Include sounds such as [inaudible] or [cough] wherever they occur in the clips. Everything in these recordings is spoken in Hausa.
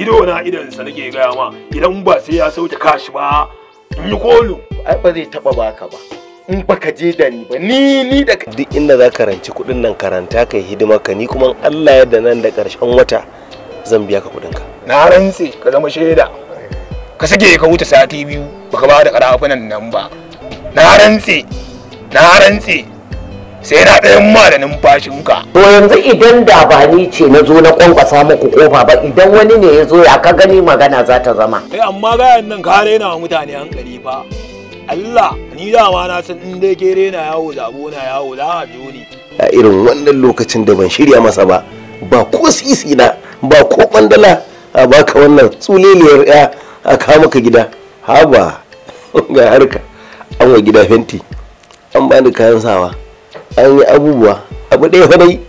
ido na idan sa nake gaya ma idan ba sai ya sauke kashi ba in yi kolu ai ba zai taba baka ba in baka je da ni ba ni ni da duk inda za ka ranci kuɗin nan karanta kai hidima ka ni kuma Allah ya da nan da ƙarshen wata zan biya ka kuɗin ka na rantse ka zama shaida ka sake ka wuce sati biyu baka ba da karafunan nan ba na rantse na rantse sai na ɗayan ma da numfashinka. To yanzu idan da ba ni ce na zo na kwankwasa muku kofa ba idan wani ne ya zo ya ka gani magana za ta zama. Eh amma gayan nan ka raina wa mutane hankali fa. Allah ni dama na san in dai ke raina yawo zabo na yawo za a jo ni. A irin wannan lokacin da ban shirya masa ba ba ko sisi na ba ko bandala a baka wannan tsuleliyar ya a kawo maka gida. Haba [laughs] ga harka an wa gida fenti an bani kayan sawa. an yi abubuwa abu ɗaya fa dai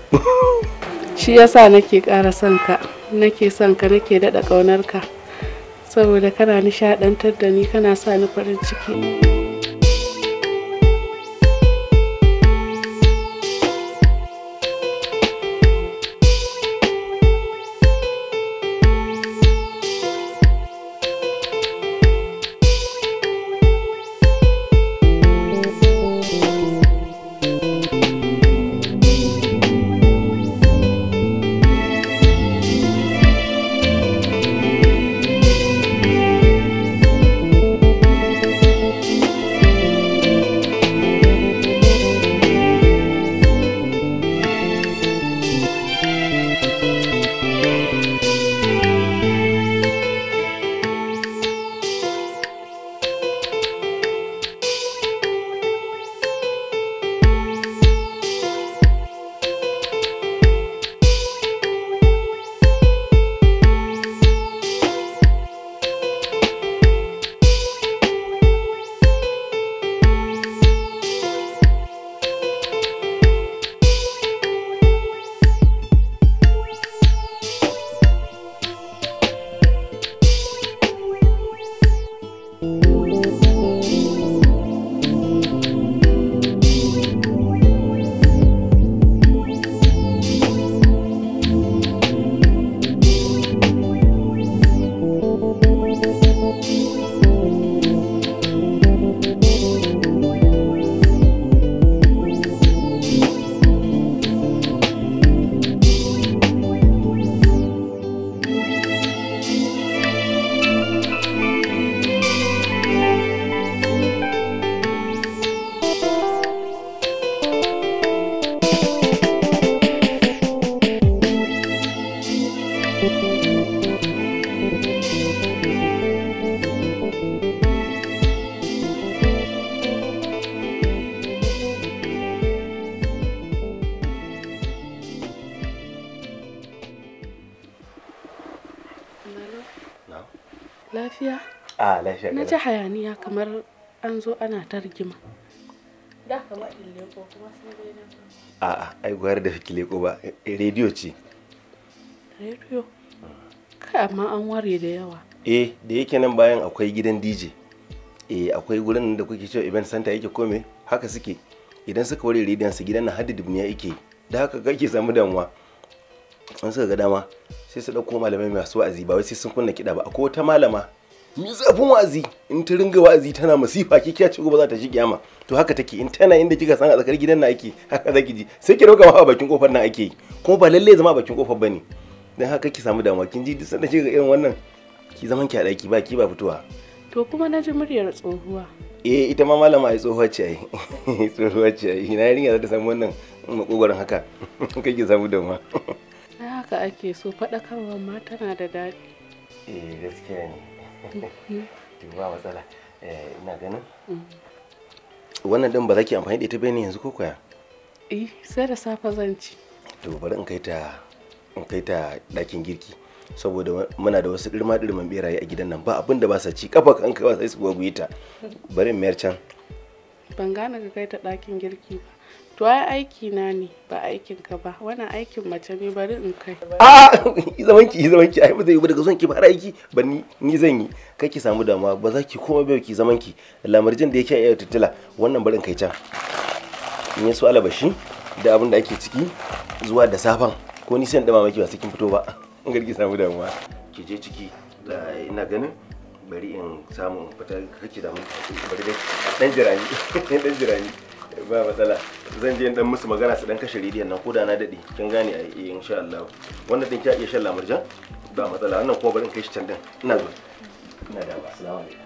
shi yasa nake ƙara son ka nake son ka nake daɗa ƙaunar ka saboda kana nishaɗantar da ni kana sa ni farin ciki lafiya? A ah, lafiya Na ji hayaniya kamar an zo ana ta rigima. Da kama in kuma sai dai na. A'a, ai gwar da fiki ba, eh, rediyo ce. Rediyo? kai amma an ware da yawa eh da yake nan bayan akwai gidan dj eh akwai gurin da kuke cewa event center yake kome haka suke idan suka ware radiant su gidan na hadda dubniya yake da haka kake samu damuwa an suka ga dama sai su dauko malamai masu wa'azi ba wai sai sun kunna kiɗa ba akwai wata malama mi zafin wa'azi in ta ringa wa'azi tana masifa ki kiya ce gobe za ta shi kiyama to haka take in tana inda kika san a tsakar gidan na ake haka zaki ji sai ki dauka ma a bakin kofar nan ake kuma ba lalle zama a bakin kofar bane dan haka ki samu damuwa kin ji duk sanda kika irin wannan ki zaman ki a daki ba ki ba fitowa to kuma na ji muryar tsohuwa eh ita ma malama ai tsohuwa ce ai [laughs] tsohuwa ce ai na yarinya za ta samu wannan makogoron haka [laughs] kai ki samu damuwa haka ake so faɗakarwa ma tana da daɗi eh gaskiya ne mhm. ba matsala eh, ina ganin mm. wannan din ba za ki amfani da ita bane yanzu ko kwaya eh sai da safe zan ci to bari in kai ta in kai ta ɗakin girki saboda muna da wasu ɗirma ɗirman beraye a gidan nan ba abin da ba sa ci kafa kan kai ba sai su gwagwaye ta bari in mayar can ban gane ka kai ta ɗakin girki ba to ai aiki na ne ba aikin ka ba wannan aikin mace ne bari in kai a zaman ki zaman ki ai ba zai yi daga son ki fara aiki ba ni ni zan yi kai ki samu damuwa ba za ki koma bai ki zaman ki lamarjin da yake iya tattala wannan barin kai can in yi so alabashi da abin da ake ciki zuwa da safan ko ni sai dama maki ba sai kin fito ba in [laughs] garki samu damuwa ki je ciki da ina ganin bari in samu fita kake da mun bari dai dan jirani dan [laughs] jirani ba matsala zan je dan musu magana su dan kashe rediyon nan koda na dade kin gane a yi eh, insha Allah wannan din kya iya shan lamarjan ba matsala wannan ko bari in kai shi can din ina zo ina da assalamu alaikum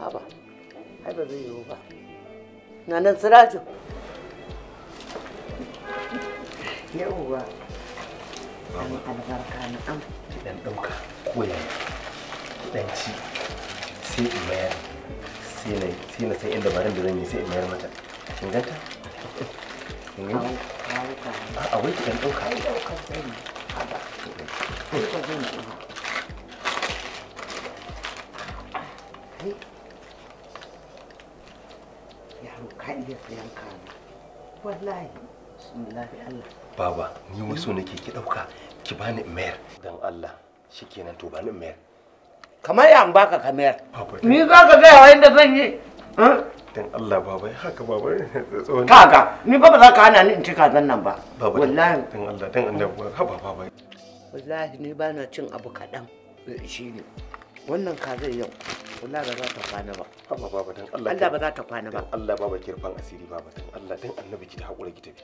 haba ai ba zai yiwu ba na nan siraju yauwa an albarka na am ki dauka ko dan ci sai in mayar sai na sai na sai inda barin da zan yi sai in mayar mata kin ganta kin a wai ki dan dauka dauka sai haba baba ni wasu ne ke ki dauka ki bani mayar dan Allah shikenan to bani mayar kamar ya an baka ka mayar ni za ka ga yayin da zan yi dan Allah baba haka baba tsohon kaga ni baba za ka hana ni in ci zan nan ba wallahi dan Allah dan Allah haba baba wallahi ni ba na cin abu kaɗan shi ne wannan kazan yau wallahi ba za ta kwana ba haba baba dan Allah Allah ba za ta kwana ba Allah baba kirfan asiri baba dan Allah dan annabi ki da hakuri ki tafi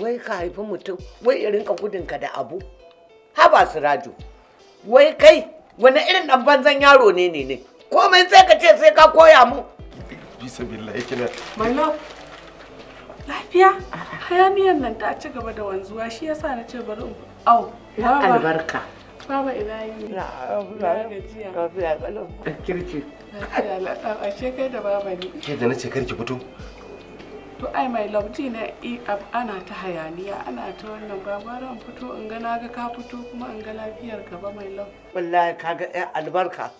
wai ka haifi mutum wai irin ka gudun ka da abu haba siraju wai kai wani irin dan banzan yaro ne ne ne komai sai ka ce sai ka koya mu bisa billahi kina mallo lafiya hayaniyan nan ta ci gaba da wanzuwa shi yasa na ce bari in. au Ya albarka Baba Ibrahim. Na, gajiya. Lafiya kalau. Kirki. Lafiya lakau. Ashe kai da baba ne. Ke da nace karki fito. To ai mai labji na ana ta hayaniya ana ta wannan babara in fito in ga ka fito kuma in ga lafiyar ka ba mai lau. Wallahi kaga ɗan albarka.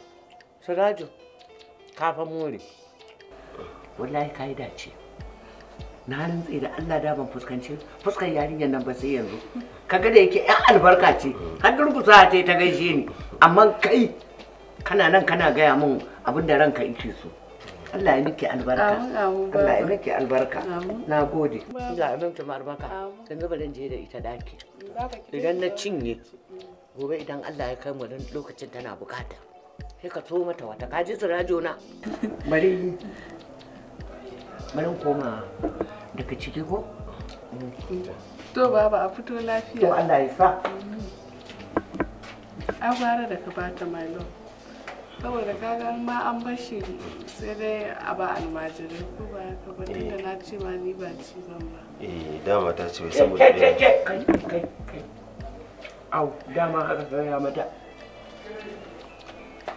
Surajo. Ka fa more. Wallahi ka yi dace. na rantse da Allah da ban fuskanci fuskar yarinyar nan ba sai yanzu kaga da yake yan albarka ce har durgusa ta ta gaishe ni amma kai kana nan kana gaya min abin da ranka yake so Allah ya miki albarka Allah ya miki albarka na gode Allah ya miki albarka yanzu bari je da ita daki idan na cinye gobe idan Allah ya kai mu lokacin tana bukata sai ka so mata wata kaji su na bari bari koma daga ciki ko mm. to baba a fito lafiya to Allah ya sa mm. A fara da ka bata my love saboda kaga ma an bar shi sai dai a ba almajirai ko ba ka ba eh. tunda na ce ma ni ba ci zan ba eh dama ta ce saboda kai kai kai kai au dama haka gaya mata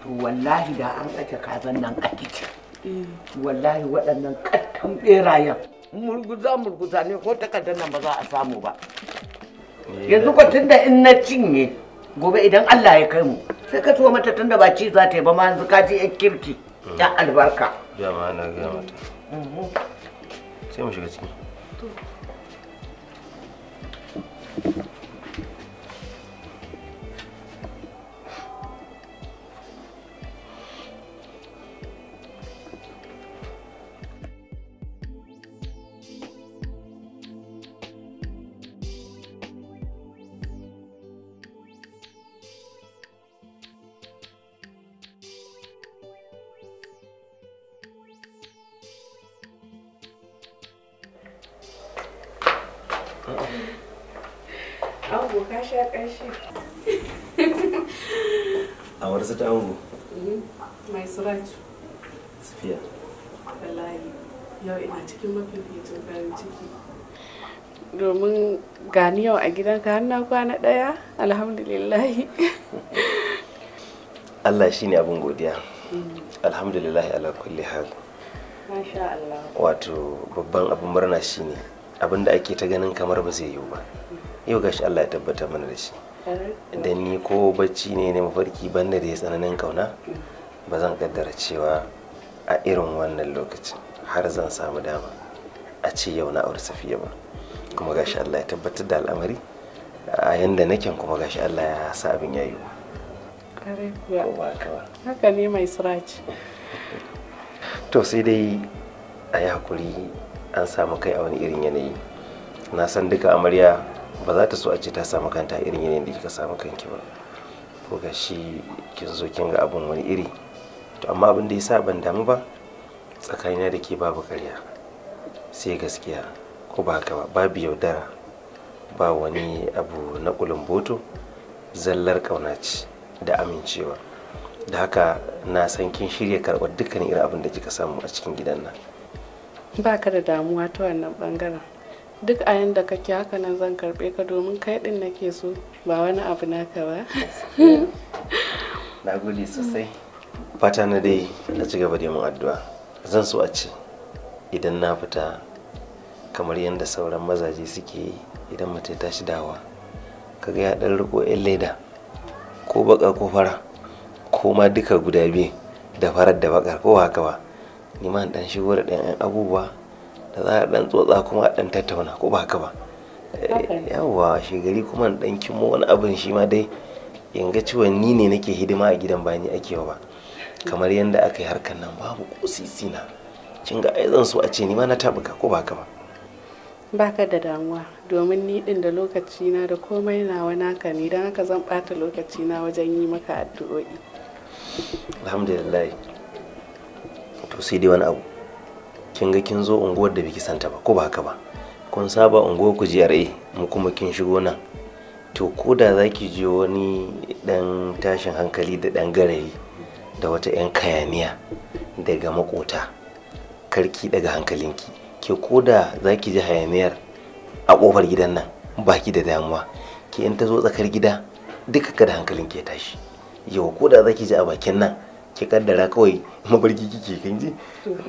to wallahi da an ake kazan nan a kici eh. wallahi waɗannan kattan ɓerayen murguza murguza ne ko takardar nan ba za a samu ba yanzu ko tunda in na cinye gobe idan Allah ya kai mu sai ka tuwa mata tunda ba ci za ta yi ba ma yanzu ka ji kirki ya albarka jama'a na ga mata mhm. sai mu shiga ciki sha ƙarshe. [laughs] A warsa ta ango? Mm-hmm. Mai suratu. Wallahi, yau ina cikin farin ciki. Domin gani yau a gidanka har na ɗaya, alhamdulillahi. [laughs] Allah shi ne abin godiya. Mm-hmm. Alhamdulillahi ala kulli hal. Wato babban abin murna shi ne abin da ake ta ganin kamar ba zai yiwu ba. Mm-hmm. yau gashi Allah ya tabbatar mana da shi da ni ko bacci ne na mafarki banda da ya tsananin kauna ba zan kaddara cewa a irin wannan lokaci har zan samu dama a ce yau na aure safiya ba kuma gashi Allah ya tabbatar da al'amari a yanda nake kuma gashi Allah ya sa abin ya yi haka ne mai siraci to sai dai a yi hakuri an samu kai a wani irin yanayi na san duka amarya ba za ta so a ce ta samu kanta irin yanayin da kika samu kanki ba ko ga shi kin zo kin ga abun wani iri to amma abin da yasa ban damu ba tsakanina da ke babu karya sai gaskiya ko ba haka ba babu yaudara ba wani abu na kulumboto zallar kauna ce da amincewa da haka na san kin shirya karɓar dukkan irin abin da kika samu a cikin gidan nan ba ka da damuwa ta wannan bangaren duk a yanda kake haka nan zan karbe ka domin kai din ke so ba wani abu naka ba na gode sosai fata na dai na ci gaba da yin addu'a zan so a ce idan na fita kamar yadda sauran mazaje suke yi idan mace ta shi dawa ka ya dan riko yan leda ko baka ko fara ko ma duka guda biyu da farar da bakar ko haka ba ni ma dan shigo da ɗan abubuwa da za a dan tsotsa kuma a dan tattauna ko ba ka ba yawa shi gari kuma dan kimo wani abin shi ma dai in ga cewa ni ne nake hidima a gidan bani ake ba kamar yadda aka yi harkar nan babu ko sisina kin ga ai zan so a ce ni ma na tabuka ko ba ka ba ba ka da damuwa domin ni din da lokaci na da komai nawa naka ne don haka zan bata lokaci na wajen yi maka addu'o'i alhamdulillah to sai dai wani abu kin ga kin zo unguwar da biki santa ba ko ba haka ba kun saba unguwar ku GRA mu kuma kin shigo nan to ko da za ki je wani dan tashin hankali da dan garari da wata 'yan kayaniya daga makota karki daga hankalinki ke ko da za ki ji hayaniyar a ƙofar gidan nan baki da damuwa ke in ta zo tsakar gida duka kada hankalinki ya tashi yau ko da za ki ji a bakin nan ki kaddara kawai [laughs] mabarki kike kin ji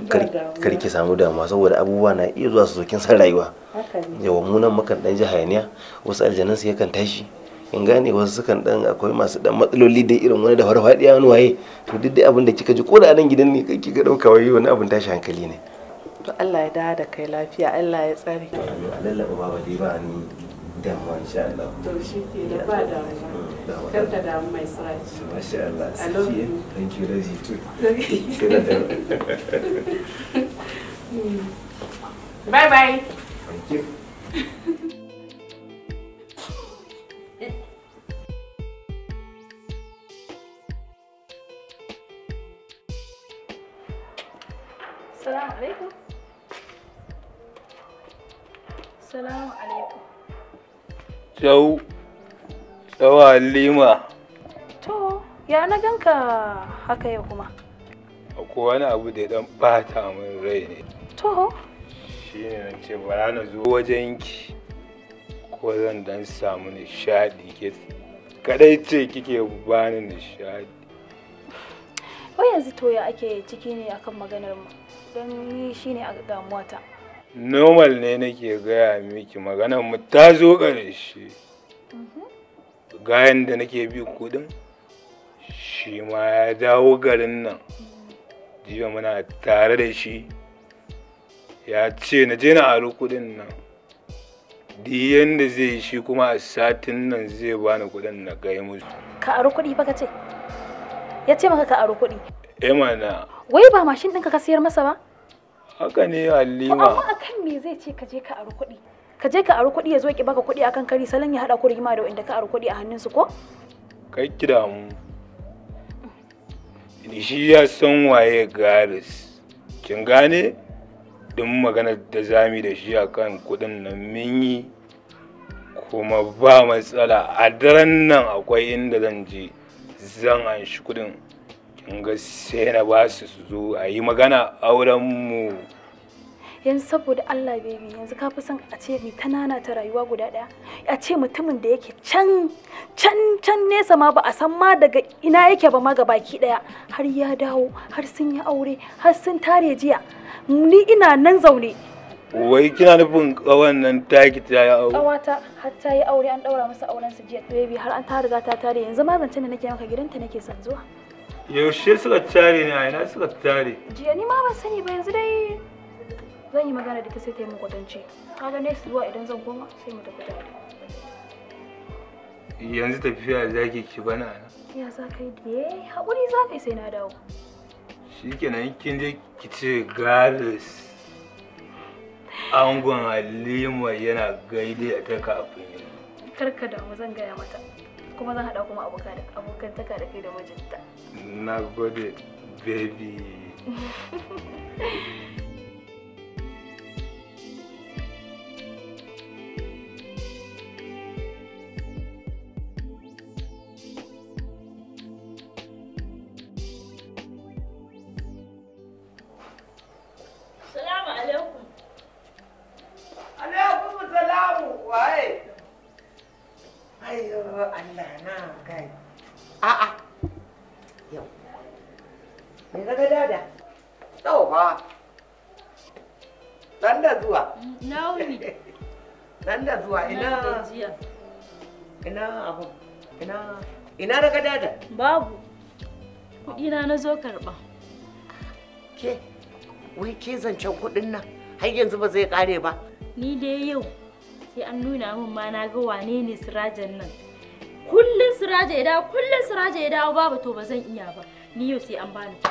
kar ki samu damuwa saboda abubuwa na iya zuwa su zo san rayuwa yawa mu nan mukan dan ji hayaniya wasu aljanan su yakan tashi in gane wasu sukan dan akwai masu dan matsaloli da irin wani da farfadiya wani waye to duk dai abin da kika ji ko da nan gidan ne kike dauka wai wani abin tashi hankali ne to Allah ya dawo da kai lafiya Allah ya tsare to Allah baba dai ba ni damuwa insha Allah to shi ke da hmm, ba damuwa kar ka damu mai masha Allah I love you thank you too [laughs] [laughs] bye bye thank you Assalamu [laughs] alaikum. Assalamu alaikum. Tau Tau lima. To, ya na ganka haka ya kuma. Ko wani abu da ya dan bata min rai ne. To. Shi ne na ce ba na zo wajenki ko zan dan samu nishaɗi ke kadai ce kike bani nishaɗi. Wai yanzu to ya ake ciki ne akan maganar mu don ni shine a damuwata. normal ne nake gaya miki maganar mu ta zo ƙarshe mhm. gayan da nake bi kudin shi ma ya dawo garin nan jiya muna tare da shi ya ce na je na aro kudin nan diyan da zai yi shi kuma a satin nan zai bani kudin na gai musu ka aro kudi ka ce ya ce maka ka aro kudi eh mana wai ba mashin ɗinka ka sayar masa ba haka ne halima amma akan me zai ce ka je ka aru kuɗi ka je ka aru kuɗi ya zo ki baka kuɗi akan kari salon ya hada ku rigima da wanda ka aru kuɗi a hannunsu ko kai ki damu shi ya san waye garis kin gane din magana da zami da shi akan kuɗin nan mun yi kuma ba matsala a daren nan akwai inda zan je zan anshi kuɗin in ga sai na ba su su zo a yi magana auren mu yanzu saboda Allah baby yanzu ka fi son a ce mai ta ta rayuwa guda ɗaya a ce mutumin da yake can can can nesa ma ba a san ma daga ina yake ba ma ga baki ɗaya har ya dawo har sun yi aure har sun tare jiya ni ina nan zaune wai kina nufin kawan nan taki ta yi aure kawata har ta yi aure an daura masa auren su jiya baby har an ta riga ta tare yanzu ma zance da nake maka gidanta nake son zuwa yaushe suka tare ne a ina suka tare jiya ni ma ban sani ba yanzu dai zan yi magana da ta sai ta yi kwatance kaga ne zuwa idan zan koma sai mu tafi tare yanzu tafiya za ki ki bana na ya za ka yi diye haƙuri za ka yi sai na dawo Shi shikenan kin je ki ce garis angon halima yana gaide a ta kafin kar ka damu zan gaya mata kuma zan haɗa kuma abokantaka da kai da mijinta na gode baby [laughs] ina abu ina ina raga dada babu kudina na zo karɓa. ke wai ke zancen kuɗin nan har yanzu ba zai ƙare ba ni dai yau sai an nuna min ma na ga wane ne sirajan nan Kullum siraja ya dawo kullun siraja ya dawo babu to ba zan iya ba ni yau sai an bani na.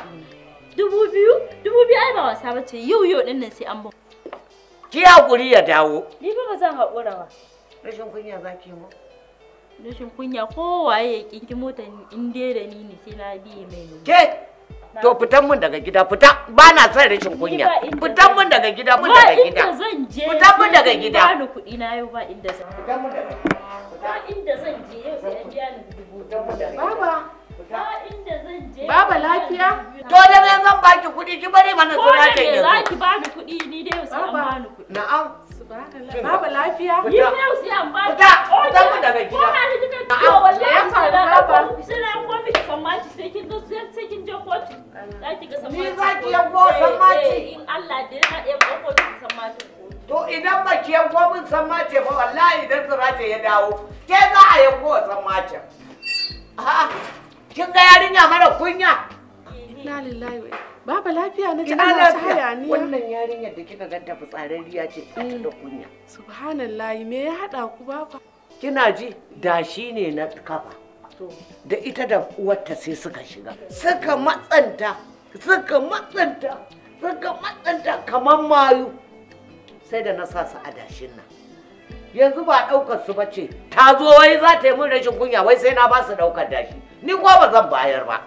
dubu biyu dubu biyu ai ba wasa ba ce yau yau din nan sai an ba ki hakuri ya dawo ni ba ba zan haƙura ba rashin kunya zaki mu rashin kunya kowaye ya kinki motar in dai da ni ne sai na biye mai ke to fitan mun daga gida fita ba na son rashin kunya fitan mun daga gida mun daga gida zan je fitan mun daga gida ba ni kudi na yau ba inda zan fitan mun daga gida ba inda zan je yau sai an biya ni dubu mun daga baba Baba lafiya? To da yanzu zan baki kuɗi ki bari mana zuwa ta yanzu. Ko da me za ki bani kuɗi ni dai sai an ni kuɗi. Na'am. Babu lafiya. Yi yau an ba ta. Fita, fita daga gida. Ko hali kika to wallahi sai na haka. na ko miki sammaci sai kin zo sai kin je Za ki ga Ni za ki eh, eh, In Allah da ya haɗe ko To idan ba ki yanko min sammaci ba wallahi idan sirace ya dawo ke za a yan wa sammacin. A'a kin ga yarinya mara kunya. Eh, Ina lillahi wa Baba lafiya na ji ana ta hayaniya. Wannan yarinyar da kika ganta fitsararriya ce ta da kunya. Subhanallahi me ya haɗa ku baba? Kina ji da shi ne na kafa. Da ita da uwarta sai suka shiga. Suka matsanta, suka matsanta, suka matsanta kamar mayu. Sai da na sa su a dashin nan. Yanzu ba ɗaukar su bace, ta zo wai za ta yi min rashin kunya wai sai na ba su ɗaukar dashi. Ni ko ba zan bayar ba.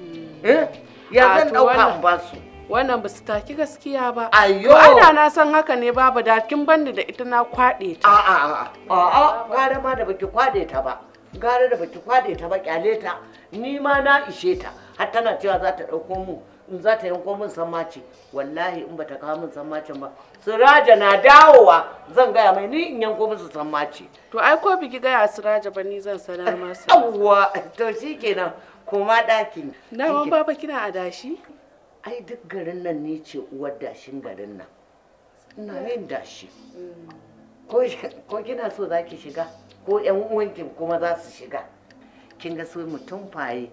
Hmm. Eh? ya ah, zan ɗauka in ba su wannan ba su taki gaskiya ba ayo ana na san haka ne babu da kin banda da ita na kwaɗe ta a a a a gara ma da baki kwaɗe ta ba gara da baki kwade ta ba kyale ta ni ma na ishe ta har tana cewa za ta dauko mu in za ta yanko min sammaci wallahi in ba ta kawo min sammacin ba siraja na dawowa zan gaya mai ni in yanko musu sammaci to ai ko biki gaya siraja ba ni zan sanar masu yawwa to shikenan koma ɗakin. Daman baba kina a dashi? Ai duk garin nan ne ce uwar dashin garin nan. Ina yin dashi. Ko kina so za ki shiga ko ‘yan uwanki kuma za su shiga. Kin ga so mutum faye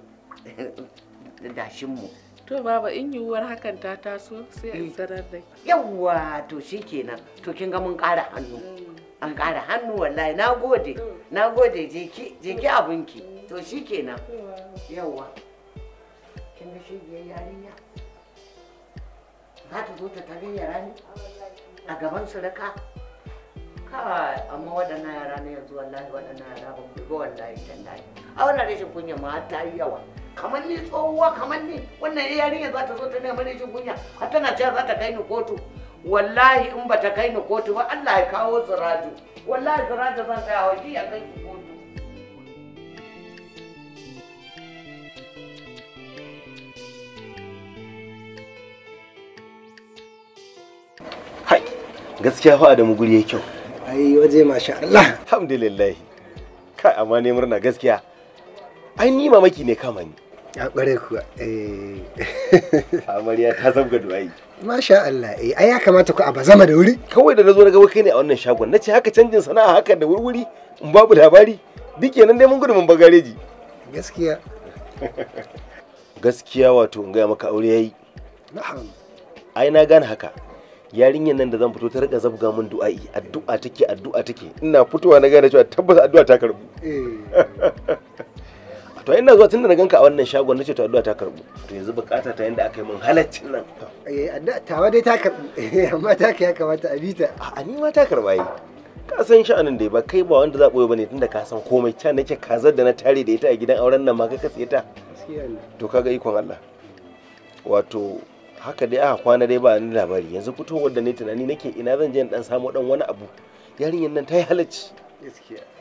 mu. To baba in yiwuwar hakan ta taso sai in eh. sanar da Yawwa to shi kenan to kin ga mun ƙara hannu. Mm. an kara hannu wallahi na gode na gode jeki jeki abinki to shi kenan yawa kin da shi biyar yarinya za ta zo ta yara ne a gaban su raka kawai amma waɗannan yara ne yanzu wallahi waɗannan yara ku buga wallahi tallahi a wannan rashin kunya ma ta yi yawa kamar ni tsohuwa kamar ni wannan yarinya za ta zo ta nema rashin kunya har tana cewa za ta kai ni kotu wallahi in bata kai ni kotu ba Allah ya kawo tsiraju wallahi tsiraju zan tsaya waje ya kai ki kotu hai gaskiya fa da guri ya kyau ai waje masha Allah alhamdulillah kai amma ne murna gaskiya ai ni mamaki ne kama ni a ƙware kuwa eh. [laughs] amarya ta zama zabga duwayi masha Allah eh ai ya kamata ku a bazama da wuri kawai da nazo na ga kai ne a wannan shagon nace haka canjin sana'a haka da wurwuri in babu labari duk kenan dai mun gudu mun bagareji gaskiya [laughs] gaskiya wato in gaya maka aure yayi na'am ai na gane haka yarinyar nan da zan fito ta rika zabga mun du'a'i addu'a take addu'a take ina fitowa na gane cewa tabbas addu'a ta karbu eh [laughs] to ina zuwa tunda na ganka a wannan shagon nace to addu'a ta karbu to yanzu bukata ta yanda aka yi min halaccin nan eh addu'a tawa dai ta karbu [laughs] eh, amma ta ya kamata a bita a ni ma ta karba yi ka san sha'anin dai ba kai ba wanda za ba bane tunda ka san komai ta nake kazar da na tare da ita a gidan auren nan ma ka katse ta to kaga ikon Allah wato haka dai aka kwana dai ba ni labari yanzu fitowar da ne tunani nake ina zan je dan samu dan wani abu yarinyar nan ta yi halacci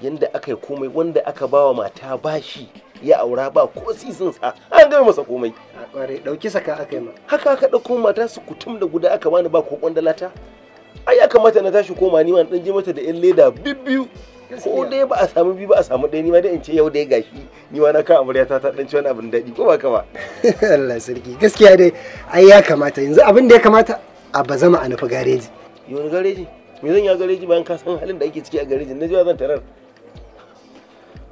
yanda aka yi komai wanda aka bawa mata bashi ya aura ba ko sisin sa an gama masa komai a kware dauki saka aka yi ma haka aka dauko mata su kutum da guda aka bani ba ko kwandalata ai ya kamata na tashi koma ni ma dan je mata da yan leda bibbiyu ko dai ba a samu biyu ba a samu ɗaya ni ma dai in ce yau dai gashi ni ma na ka amarya ta ta dan ci wani abin daɗi ko ba ka ba [laughs] Allah sarki gaskiya dai ai ya kamata yanzu abin da ya kamata a bazama a nufi gareji yau gareji me zan yi a gareji bayan ka san halin da ake ciki a garejin na ji zan tarar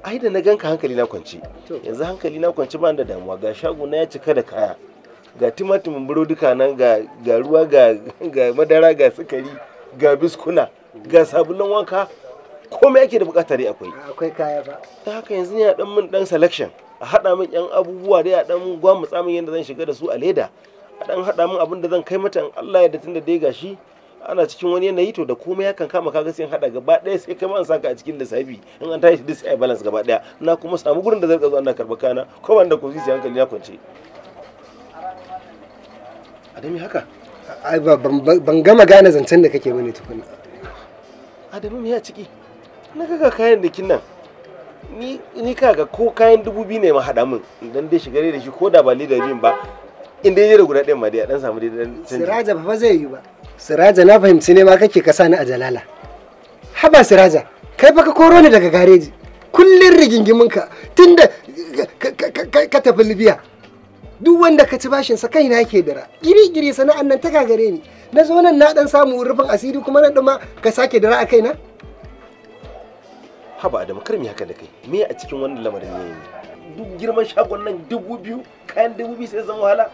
ai da na ganka hankali na kwance yanzu hankali na kwance ba da damuwa ga shago na ya cika da kaya ga timatimin duka nan ga ruwa ga madara ga sukari ga biskuna ga sabulan wanka komai ake da bukatar dai akwai akwai kaya ba ta haka yanzu ne a dan min dan selection a hada min yan abubuwa dai a dan gwamutsa min yadda zan shiga da su a leda a dan hada min abin da zan kai mata in Allah ya da tunda dai gashi ana cikin wani yanayi to da komai yakan kama kaga sai hada gaba daya sai kai ma an saka a cikin lissafi in an tashi duk sai ai balance gaba daya na kuma samu gurin da ka zo ana karba kana ko wanda ko zuciya hankali ya kwance adami haka ai ban gama gane zancen da kake mani tukuna adami me ya ciki na kaga kayan da nan ni ni kaga ko kayan dubu biyu ne ma hada min dan dai shigare da shi ko da ba da bin ba in dai da guda ɗin ma dai a ɗan samu dai canji siraja ba zai yi ba siraja na fahimci ne ma kake ka ni a jalala haba siraja kai fa ka koro ni daga gareji kullun rigingimin ka tunda ka tafi libya duk wanda ka ci bashin sa kaina yake dira giri giri sana'an nan ta gagare ni na zo nan na dan samu rufin asiri kuma nan dama ka sake dira a kaina haba adamu kar mi haka da kai me a cikin wannan lamarin ne duk girman shagon nan dubu biyu kayan dubu biyu sai zama wahala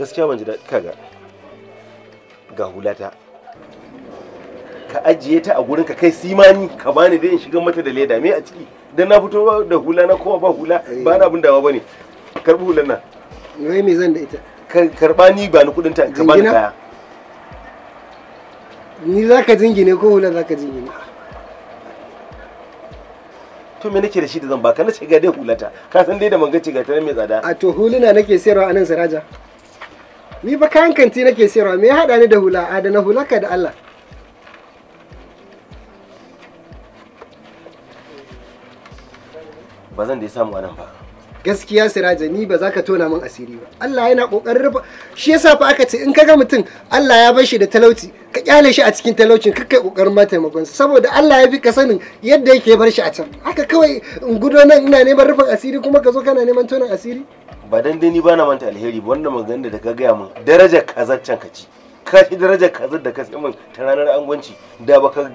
gaskiya ban ji daɗi kaga ga hulata ka ajiye ta a gurin ka kai simani ka bani dai in shiga mata da leda me a ciki dan na fito da hula na kowa ba hula eh. ba na abin dawa bane karbi hulan nan wai me zan da ita karba ni ba ni kudin ta ka bani kaya ni za ka jingine ko hulan za ka jingine to me nake da shi da zan baka na ce ga dai hulata ka san dai da manga ga ta mai tsada a to huluna nake sayarwa a nan saraja ni ba kayan kanti nake sayarwa me ya hada ni da hula hula ka da Allah ba zan da ya samu anan ba gaskiya siraja ni ba za ka tona min asiri ba Allah yana kokarin rufa shi yasa fa aka ce in kaga mutum Allah ya bar shi da talauci ka kyale shi a cikin talaucin ka kai kokarin ma taimakon saboda Allah ya fi ka sanin yadda yake bar shi a can haka kawai in gudo nan ina neman rufin asiri kuma ka zo kana neman tonan asiri ba dan dai ni bana manta alheri ba wanda maganar da ka gaya min darajar kazar can ka ci ka ci darajar kazar da ka sai min ta ranar angwanci da baka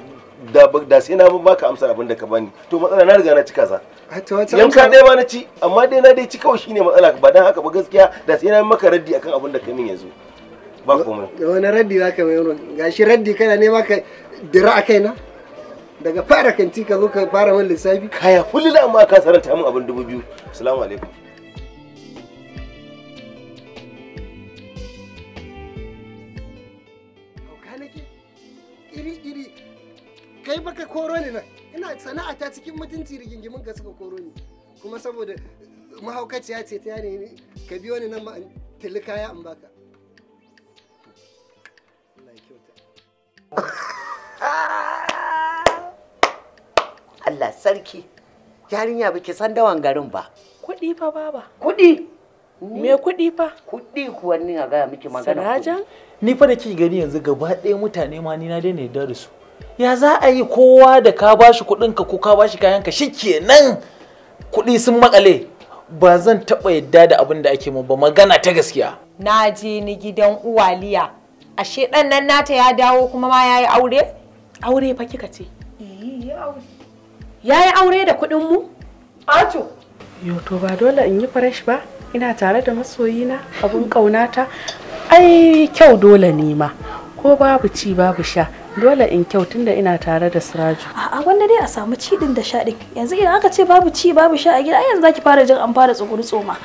da da sai na baka amsar abin da ka bani to matsala na riga na ci kaza ka dai ba na ci amma dai na dai ci kawai shine matsala ba dan haka ba gaskiya da sai na maka raddi akan abin da ka min yanzu ba komai wani raddi zaka mai wurin gashi raddi kana ne maka dira a kaina daga fara kanti ka zo ka fara min lissafi kaya fulula amma ka saranta min abin dubu biyu assalamu alaikum kai ba ka koro ne nan ina sana'a ta cikin mutunci rigingimin ka suka koro ni kuma saboda mahaukaciya ce ta ne ka biyo ni nan ma tili kaya in baka Allah [laughs] sarki yarinya baki san dawan garin ba kuɗi fa baba kuɗi me kuɗi fa kuɗi kuwa ni ga miki magana sanajan ni fa da ki gani yanzu gaba ɗaya mutane ma ni na daina yarda da su ya za a yi kowa da ka ba bashi kuɗinka ko ka ba bashi kayanka shi kenan kuɗi sun makale ba zan taɓa yadda da abin da ake mun ba magana ta gaskiya na je ni gidan uwaliya ashe ɗan nan nata ya dawo kuma ma ya yi aure aure fa kika ce ya yi aure da kuɗin mu ato yo to ba dole in yi fresh ba ina tare da masoyina abin ƙaunata ai kyau dole ne ma ko babu ci babu sha dole in kyau tunda ina tare da siraju a'a wanda dai a samu ci da sha yanzu idan aka ce babu ci babu sha a gida ai yanzu zaki fara jin an fara tsuguri tsoma